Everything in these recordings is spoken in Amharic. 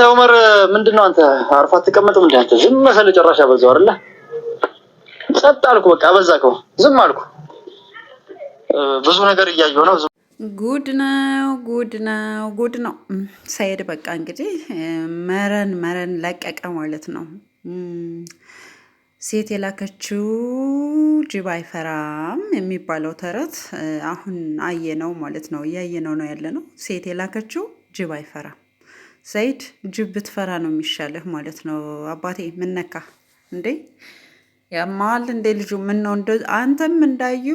አንተ ዑመር ምንድን ነው አንተ አርፋ አትቀመጥም? እንዴ አንተ ዝም መሰለህ። ጭራሽ አበዛው አይደለ? ጸጥ አልኩ፣ በቃ አበዛከው፣ ዝም አልኩ። ብዙ ነገር እያየሁ ነው። ጉድ ነው፣ ጉድ ነው፣ ጉድ ነው። ሰኢድ በቃ እንግዲህ መረን መረን ለቀቀ ማለት ነው። ሴት የላከችው ጅብ አይፈራም የሚባለው ተረት አሁን አየነው ማለት ነው። እያየነው ነው ያለ ነው። ሴት የላከችው ጅብ አይፈራም። ዘይድ ጅብ ብትፈራ ነው የሚሻልህ ማለት ነው። አባቴ ምነካ እንዴ? ያማል እንዴ ልጁ ምን ነው እንደ አንተም እንዳዩ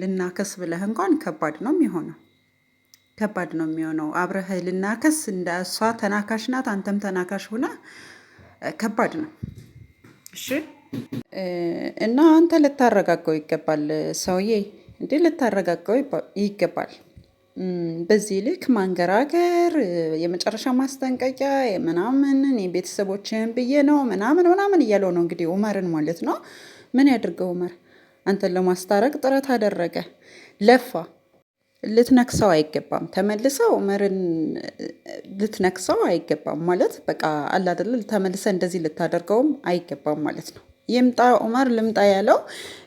ልናከስ ብለህ እንኳን ከባድ ነው የሚሆነው ከባድ ነው የሚሆነው። አብረህ ልናከስ እንደ እሷ ተናካሽ ናት፣ አንተም ተናካሽ ሆና ከባድ ነው። እሺ እና አንተ ልታረጋገው ይገባል ሰውዬ እንዴ፣ ልታረጋገው ይገባል። በዚህ ልክ ማንገራገር የመጨረሻ ማስጠንቀቂያ ምናምን ቤተሰቦችን ብዬ ነው ምናምን ምናምን እያለው ነው እንግዲህ ኡመርን ማለት ነው። ምን ያድርገው ኡመር አንተን ለማስታረቅ ጥረት አደረገ፣ ለፋ። ልትነክሰው አይገባም። ተመልሰው ኡመርን ልትነክሰው አይገባም ማለት በቃ አላደለ ተመልሰ እንደዚህ ልታደርገውም አይገባም ማለት ነው። ይምጣ ኦማር ልምጣ ያለው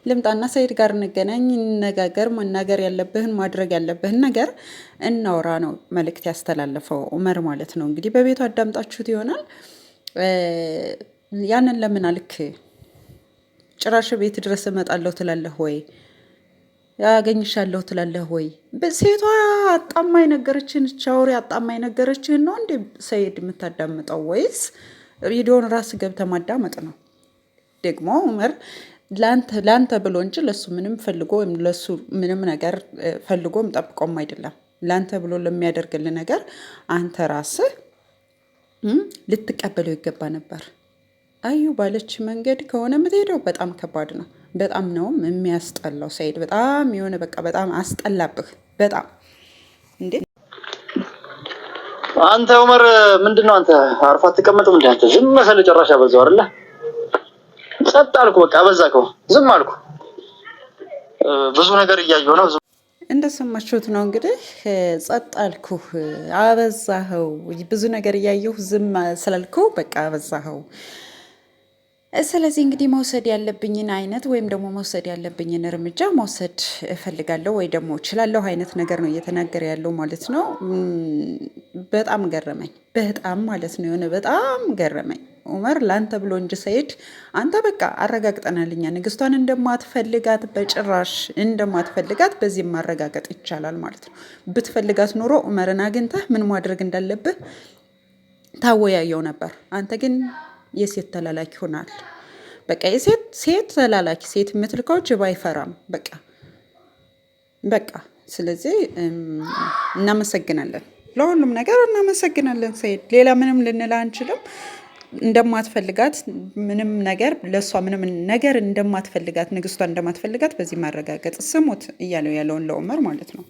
ልምጣና ሰይድ ጋር እንገናኝ፣ እንነጋገር፣ መናገር ያለብህን ማድረግ ያለብህን ነገር እናውራ ነው መልእክት ያስተላለፈው ኦመር ማለት ነው። እንግዲህ በቤቱ አዳምጣችሁት ይሆናል። ያንን ለምን አልክ? ጭራሽ ቤት ድረስ እመጣለሁ ትላለህ ወይ? ያገኝሻለሁ ትላለህ ወይ? ሴቷ አጣማይ ነገረችን፣ ቻውሪ አጣማይ ነገረችን ነው እንዴ ሰይድ የምታዳምጠው ወይስ ቪዲዮን ራስ ገብተ ማዳመጥ ነው? ደግሞ ዑመር ለአንተ ብሎ እንጂ ለሱ ምንም ፈልጎ ወይም ለሱ ምንም ነገር ፈልጎ ጠብቆም አይደለም። ለአንተ ብሎ ለሚያደርግል ነገር አንተ ራስህ ልትቀበለው ይገባ ነበር። አዩ ባለች መንገድ ከሆነ የምትሄደው በጣም ከባድ ነው። በጣም ነው የሚያስጠላው። ሰኢድ በጣም የሆነ በቃ በጣም አስጠላብህ። በጣም እንዴ አንተ ዑመር ምንድን ነው አንተ አርፋ አትቀመጥም? እንደ አንተ ዝም መሰለህ ጨራሽ አበዛው አይደለ ጸጥ አልኩ። በቃ አበዛከው፣ ዝም አልኩ። ብዙ ነገር እያየሁ ነው። እንደሰማችሁት ነው እንግዲህ ጸጥ አልኩህ፣ አበዛኸው። ብዙ ነገር እያየሁ ዝም ስላልኩ በቃ አበዛኸው። ስለዚህ እንግዲህ መውሰድ ያለብኝን አይነት ወይም ደግሞ መውሰድ ያለብኝን እርምጃ መውሰድ እፈልጋለሁ ወይ ደግሞ እችላለሁ አይነት ነገር ነው እየተናገረ ያለው ማለት ነው። በጣም ገረመኝ፣ በጣም ማለት ነው የሆነ በጣም ገረመኝ። ኡመር ለአንተ ብሎ እንጂ ሰይድ አንተ በቃ አረጋግጠናልኛ ንግስቷን እንደማትፈልጋት በጭራሽ እንደማትፈልጋት በዚህ ማረጋገጥ ይቻላል ማለት ነው። ብትፈልጋት ኑሮ ኡመርን አግኝተህ ምን ማድረግ እንዳለብህ ታወያየው ነበር። አንተ ግን የሴት ተላላኪ ሆናል። በቃ የሴት ሴት ተላላኪ ሴት የምትልከው ጅብ አይፈራም። በቃ በቃ ስለዚህ እናመሰግናለን፣ ለሁሉም ነገር እናመሰግናለን። ሰይድ ሌላ ምንም ልንል አንችልም። እንደማትፈልጋት ምንም ነገር ለእሷ ምንም ነገር እንደማትፈልጋት ንግስቷ እንደማትፈልጋት በዚህ ማረጋገጥ ስሙት እያለው ያለውን ለዑመር ማለት ነው።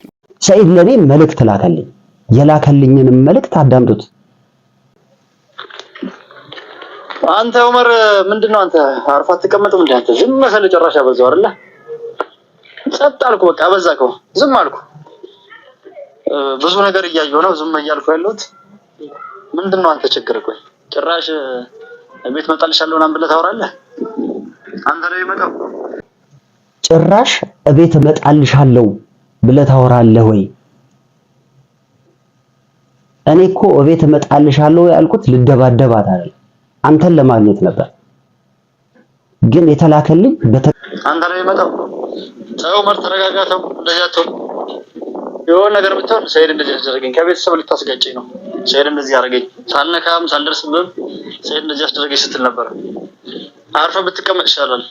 ሰኢድ ለእኔ መልእክት ላከልኝ። የላከልኝንም መልእክት አዳምጡት። አንተ ዑመር ምንድነው? አንተ አርፋ አትቀመጥም እንዴ? አንተ ዝም መሰለ ጭራሽ አበዛው አይደለ? ጸጥ አልኩ፣ በቃ አበዛከው፣ ዝም አልኩ። ብዙ ነገር እያየሁ ነው ዝም እያልኩ ያለሁት። ምንድነው አንተ ችግር? ቆይ ጭራሽ ቤት እመጣልሻለሁ ምናምን ብለህ ታወራለህ። አንተ ላይ መጣው ጭራሽ እቤት እመጣልሻለሁ ብለህ ታወራለህ ወይ? እኔ እኮ እቤት እመጣልሻለሁ ያልኩት ልደባደባት አይደለም አንተን ለማግኘት ነበር። ግን የተላከልኝ አንተ ነው የመጣው። ተው ዑመር ተረጋጋ። ተው እንደዚያ የሆነ ነገር ብትሆን ሰይድ እንደዚህ ያስደረገኝ ከቤተሰብ ልታስጋጨኝ ነው። ሰይድ እንደዚህ አድርገኝ ሳልነካም ሳልደርስብህም ሰይድ እንደዚህ ያስደረገኝ ስትል ነበር። አርፈህ ብትቀመጥ ይሻላል፣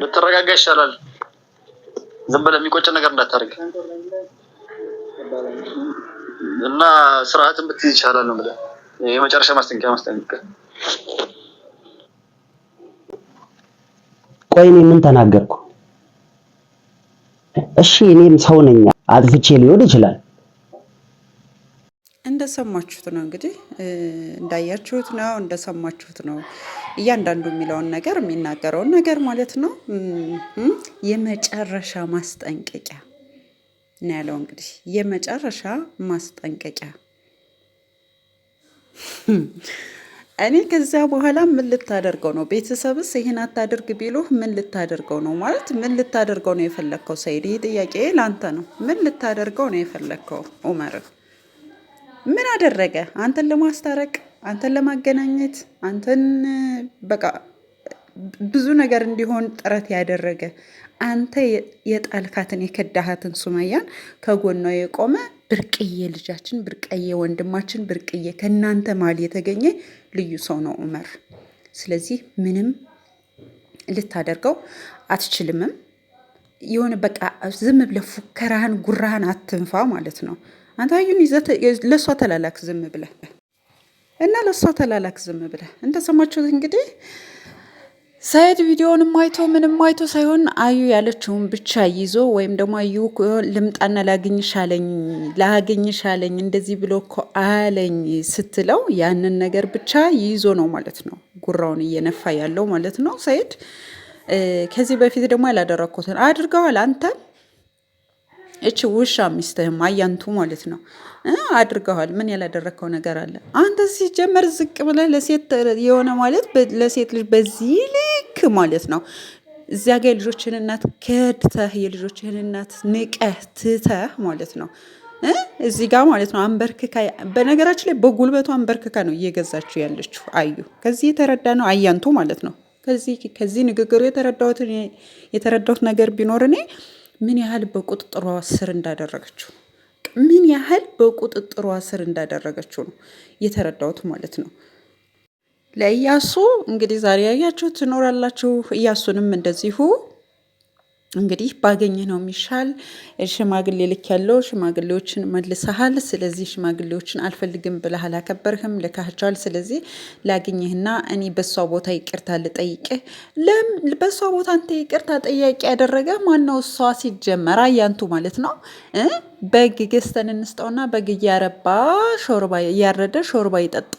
ብትረጋጋ ይሻላል። ዝም ብለህ የሚቆጭ ነገር እንዳታደርግ እና ስርዓትን ብትይዝ ይሻላል ነው የመጨረሻ ማስጠንቀቂያ ማስጠንቀቂያ ቆይ እኔ ምን ተናገርኩ? እሺ እኔም ሰው ነኝ፣ አጥፍቼ ሊሆን ይችላል። እንደሰማችሁት ነው እንግዲህ፣ እንዳያችሁት ነው፣ እንደሰማችሁት ነው። እያንዳንዱ የሚለውን ነገር የሚናገረውን ነገር ማለት ነው። የመጨረሻ ማስጠንቀቂያ ነው ያለው እንግዲህ፣ የመጨረሻ ማስጠንቀቂያ እኔ ከዚያ በኋላ ምን ልታደርገው ነው? ቤተሰብስ ይህን አታደርግ ቢሉህ ምን ልታደርገው ነው? ማለት ምን ልታደርገው ነው የፈለግከው? ሰይድ ይህ ጥያቄ ላንተ ነው። ምን ልታደርገው ነው የፈለግከው? ኡመር ምን አደረገ? አንተን ለማስታረቅ፣ አንተን ለማገናኘት፣ አንተን በቃ ብዙ ነገር እንዲሆን ጥረት ያደረገ አንተ የጣልካትን የከዳሃትን ሱመያን ከጎኗ የቆመ ብርቅዬ ልጃችን፣ ብርቅዬ ወንድማችን፣ ብርቅዬ ከእናንተ መሀል የተገኘ ልዩ ሰው ነው ዑመር። ስለዚህ ምንም ልታደርገው አትችልምም። የሆነ በቃ ዝም ብለህ ፉከራህን ጉራህን አትንፋ ማለት ነው። አንተ አዩን ይዘህ ለእሷ ተላላክ ዝም ብለህ እና ለእሷ ተላላክ ዝም ብለህ እንደሰማችሁት እንግዲህ ሳያድ ቪዲዮንም አይቶ ምንም አይቶ ሳይሆን አዩ ያለችውን ብቻ ይዞ ወይም ደግሞ አዩ ልምጣና ላገኝሻለኝ ላገኝሻለኝ እንደዚህ ብሎ እኮ አለኝ ስትለው ያንን ነገር ብቻ ይዞ ነው ማለት ነው፣ ጉራውን እየነፋ ያለው ማለት ነው። ሰኢድ ከዚህ በፊት ደግሞ ያላደረግኩትን አድርገዋል። አንተ እች ውሻ ሚስትህም አያንቱ ማለት ነው አድርገዋል። ምን ያላደረግከው ነገር አለ? አንተ ሲጀመር ዝቅ ብለህ ለሴት የሆነ ማለት ለሴት ልጅ በዚህ ማለት ነው። እዚያ ጋ የልጆችህን እናት ከድተህ የልጆችህን እናት ንቀህ ትተህ ማለት ነው እዚህ ጋር ማለት ነው አንበርክካ። በነገራችን ላይ በጉልበቱ አንበርክካ ነው እየገዛችው ያለችው አዩ። ከዚህ የተረዳ ነው አያንቱ ማለት ነው። ከዚህ ንግግሩ የተረዳሁት ነገር ቢኖር እኔ ምን ያህል በቁጥጥሯ ስር እንዳደረገችው ምን ያህል በቁጥጥሯ ስር እንዳደረገችው ነው የተረዳሁት ማለት ነው። ለእያሱ እንግዲህ ዛሬ ያያችሁ ትኖራላችሁ። እያሱንም እንደዚሁ እንግዲህ ባገኘ ነው የሚሻል። ሽማግሌ ልክ ያለው ሽማግሌዎችን መልሰሃል። ስለዚህ ሽማግሌዎችን አልፈልግም ብለህ አላከበርህም፣ ልካቸዋል። ስለዚህ ላግኝህና እኔ በእሷ ቦታ ይቅርታ ልጠይቅህ። ለም በሷ ቦታ አንተ ይቅርታ ጠያቂ ያደረገ ማነው? እሷ ሲጀመር አያንቱ ማለት ነው። በግ ገዝተን እንስጠውና በግ እያረባ ሾርባ እያረደ ሾርባ ይጠጣ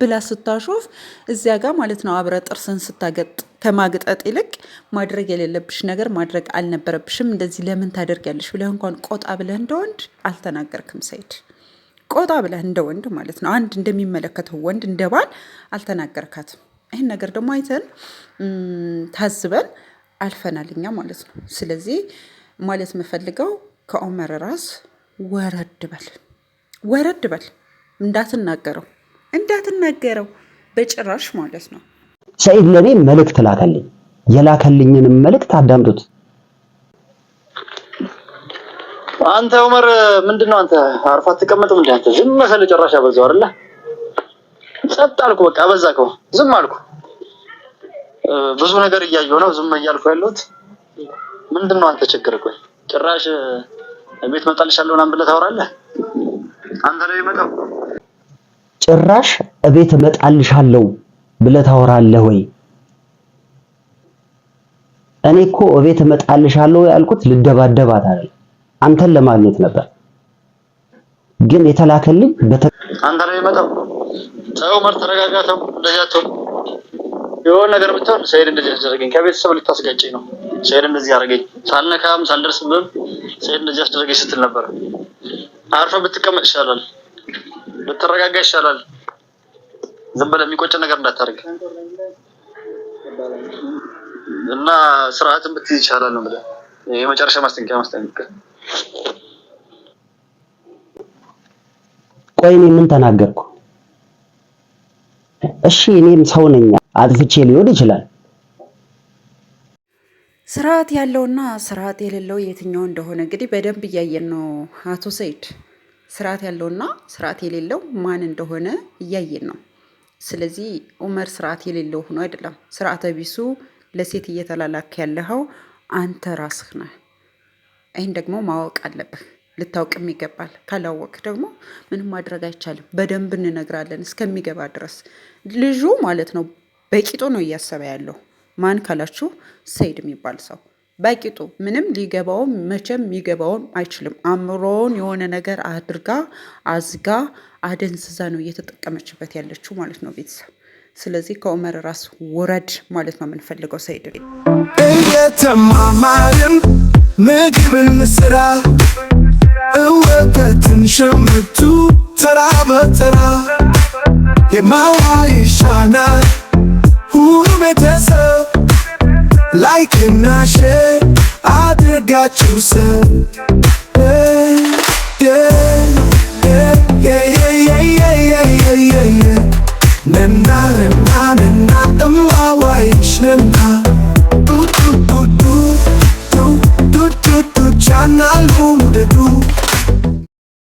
ብላ ስታሾፍ እዚያ ጋር ማለት ነው አብረ ጥርስን ስታገጥ ከማግጠጥ ይልቅ ማድረግ የሌለብሽ ነገር ማድረግ አልነበረብሽም። እንደዚህ ለምን ታደርጊያለሽ ብለህ እንኳን ቆጣ ብለህ እንደወንድ አልተናገርክም። ሰይድ ቆጣ ብለህ እንደ ወንድ ማለት ነው አንድ እንደሚመለከተው ወንድ እንደ ባል አልተናገርካትም። ይህን ነገር ደግሞ አይተን ታዝበን አልፈናል እኛ ማለት ነው። ስለዚህ ማለት የምፈልገው ከኦመር ራስ ወረድ በል ወረድ በል እንዳትናገረው እንዳትናገረው በጭራሽ ማለት ነው። ሰኢድ ለኔ መልእክት ላከልኝ። የላከልኝንም መልእክት አዳምጡት። አንተ ዑመር ምንድን ነው አንተ አርፋ አትቀመጥም? እንዴ? አንተ ዝም መሰለህ። ጭራሽ አበዛው አይደለ? ጸጥ አልኩ፣ በቃ አበዛከው። ዝም አልኩ። ብዙ ነገር እያየሁ ነው፣ ዝም እያልኩ ያለሁት። ምንድን ነው አንተ ችግር? ቆይ ጭራሽ ቤት መጣልሻለሁ ምናምን ብለህ ታወራለህ። አንተ ነው መጣው ጭራሽ እቤት እመጣልሻለሁ ብለህ ታወራለህ ወይ? እኔ እኮ እቤት እመጣልሻለሁ ያልኩት ልደባደባት አይደል፣ አንተን ለማግኘት ነበር። ግን የተላከልኝ በተ አንተ ላይ መጣው ተው፣ መር ተረጋጋ፣ ተው፣ የሆነ ነገር ብትሆን ሰይድ እንደዚህ ያስደረገኝ ከቤተሰብ ልታስጋጨኝ ነው፣ ሰይድ እንደዚህ ያደረገኝ ሳልነካም ሳልደርስም ሰይድ እንደዚህ አስደረገኝ ስትል ነበር። አርፈህ ብትቀመጥ ይሻላል። ብትረጋጋ ይሻላል። ዝም ብለህ የሚቆጭ ነገር እንዳታደርግ እና ስርዓትን ብትይዝ ይሻላል ነው ብለህ የመጨረሻ ማስጠንቀቂያ ማስጠንቀቂያ። ቆይ እኔ ምን ተናገርኩ? እሺ እኔም ሰው ነኝ፣ አጥፍቼ ሊሆን ይችላል። ስርዓት ያለውና ስርዓት የሌለው የትኛው እንደሆነ እንግዲህ በደንብ እያየን ነው አቶ ሰይድ ስርዓት ያለውና ስርዓት የሌለው ማን እንደሆነ እያየን ነው። ስለዚህ ኡመር ስርዓት የሌለው ሆኖ አይደለም። ስርዓተ ቢሱ ለሴት እየተላላክ ያለኸው አንተ ራስህ ነህ። ይህን ደግሞ ማወቅ አለብህ፣ ልታውቅም ይገባል። ካላወቅ ደግሞ ምንም ማድረግ አይቻልም። በደንብ እንነግራለን እስከሚገባ ድረስ። ልጁ ማለት ነው በቂጦ ነው እያሰበ ያለው ማን ካላችሁ ሰይድ የሚባል ሰው በቂጡ ምንም ሊገባውም መቼም ሊገባውም አይችልም። አእምሮውን የሆነ ነገር አድርጋ አዝጋ አደንዝዛ ነው እየተጠቀመችበት ያለችው ማለት ነው ቤተሰብ። ስለዚህ ከዑመር ራስ ውረድ ማለት ነው የምንፈልገው። ሰይድ እየተማማርን ምግብን ስራ እወተትን ሸምቱ ተራ በተራ የማዋ ሁሉ ቤተሰብ Like in my shade, I got you, sir.